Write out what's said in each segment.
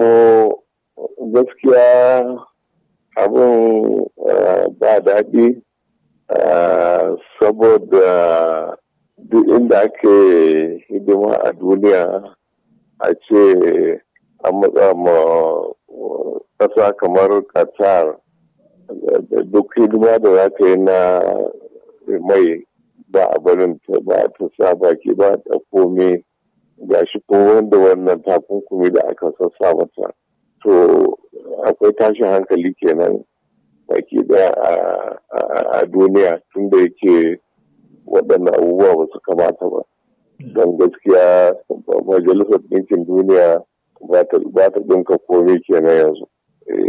to gaskiya abin eh, ba daɗi eh, saboda duk inda ake hidima a duniya a ce a matsa ma eh, ƙasa kamar qatar duk hidima da za ka yi na mai ba a barin ta ba ta sa baki ba ta komai gashi ko wanda wannan takunkumi da aka sassa mata to akwai tashin hankali kenan baki daya a duniya tun da yake waɗannan abubuwa ba su kamata ba don gaskiya majalisar ɗinkin duniya ba ta ɗinka komai kenan yanzu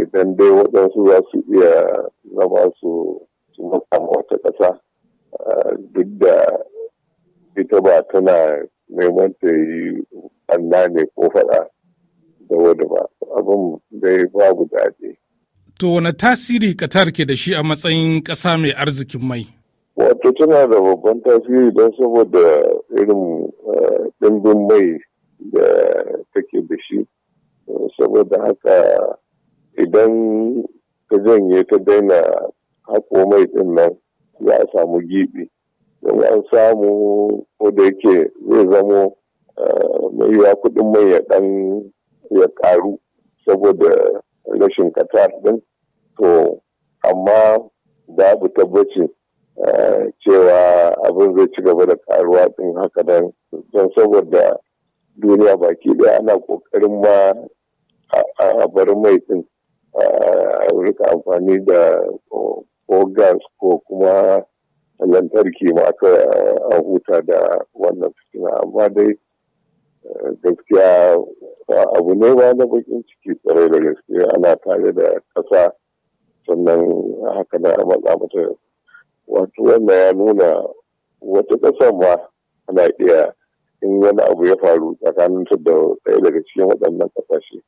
idan eh, dai waɗansu za su iya zama su makama wata ƙasa ah, duk da ita ba tana neman ta yi anna ne ko faɗa da wani ba abin ya babu daɗi. To wane tasiri katar ke da shi a matsayin ƙasa mai arzikin mai? Wato tana da babban tasiri don saboda irin eh, ɗimbin mai da take da shi. Saboda haka idan ta janye ta daina haƙo mai ɗin nan za a samu giɓi. domin an samu ko da yake zai zamo eh, mai yiwa kudin mai ya dan ya karu saboda rashin katar din to amma babu tabbaci eh, cewa abin zai ci gaba da karuwa din haka nan don saboda duniya baki ɗaya ana kokarin ma a bar mai din eh, a rika amfani da oh, ko gas ko kuma lantarki ma aka huta da wannan fitina amma dai eh, gaskiya abu ne ba na bakin ciki tsare da gaske ana tare da ƙasa sannan haka na matsa mata wato wannan ya nuna wata ƙasar ma ana iya in wani abu ya faru tsakanin ta da ɗaya daga cikin waɗannan ƙasashe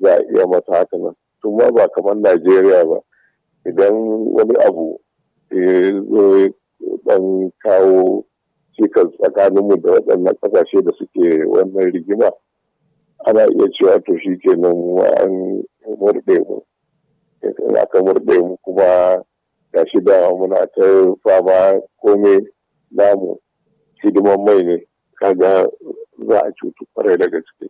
za a iya mata haka nan tun ma ba kamar najeriya ba idan wani abu ya zo dan kawo cikas tsakaninmu da waɗannan ƙasashe da suke wannan rigima ana iya cewa to shi ke nan an murɗe mu in aka murɗe mu kuma ga shi da muna ta fama kome namu hidiman mai ne kaga za a cutu kwarai daga ciki.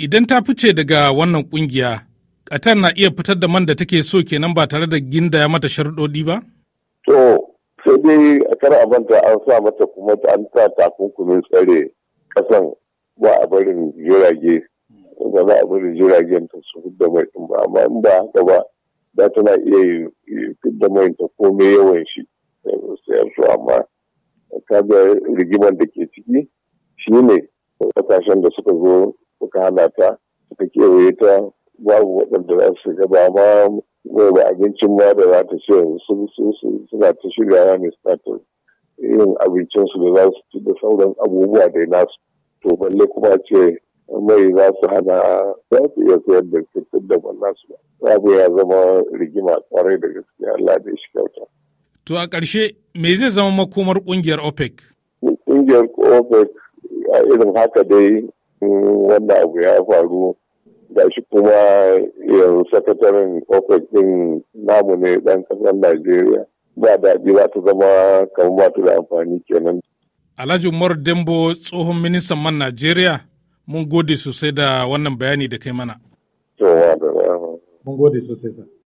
Idan ta fice daga wannan ƙungiya, ƙatar na iya fitar da man da take so kenan ba tare da ginda ya mata sharuɗoɗi ba? To, sai dai kar a manta an sa mata kuma an sa takunkumin tsare kasan ba a barin jirage ba za a barin jiragen ta su fidda mai ɗin ba amma in ba haka ba da tana iya fidda mai ta komai yawan shi sai su amma kaga rigimar da ke ciki shi ne kasashen da suka zo suka hana ta suka kewaye ta babu waɗanda za su gaba ma gobe abincin ma da za ta ce suna ta shirya ne suna ta yin abincinsu da za su ci da sauran abubuwa da nasu to balle kuma ce mai za su hana za su iya sayar da fitar da wannan su babu ya zama rigima kwarai da gaske Allah da shi kyauta. To a ƙarshe me zai zama makomar ƙungiyar OPEC? Ƙungiyar OPEC a irin haka dai mm, wanda abu ya faru da shi kuma yanzu sakataren opec din namu ne dan kasar najeriya ba daɗi za ta zama kamar ba da amfani kenan alhaji umar dembo tsohon ministan man najeriya mun gode sosai da wannan bayani da kai mana mun gode sosai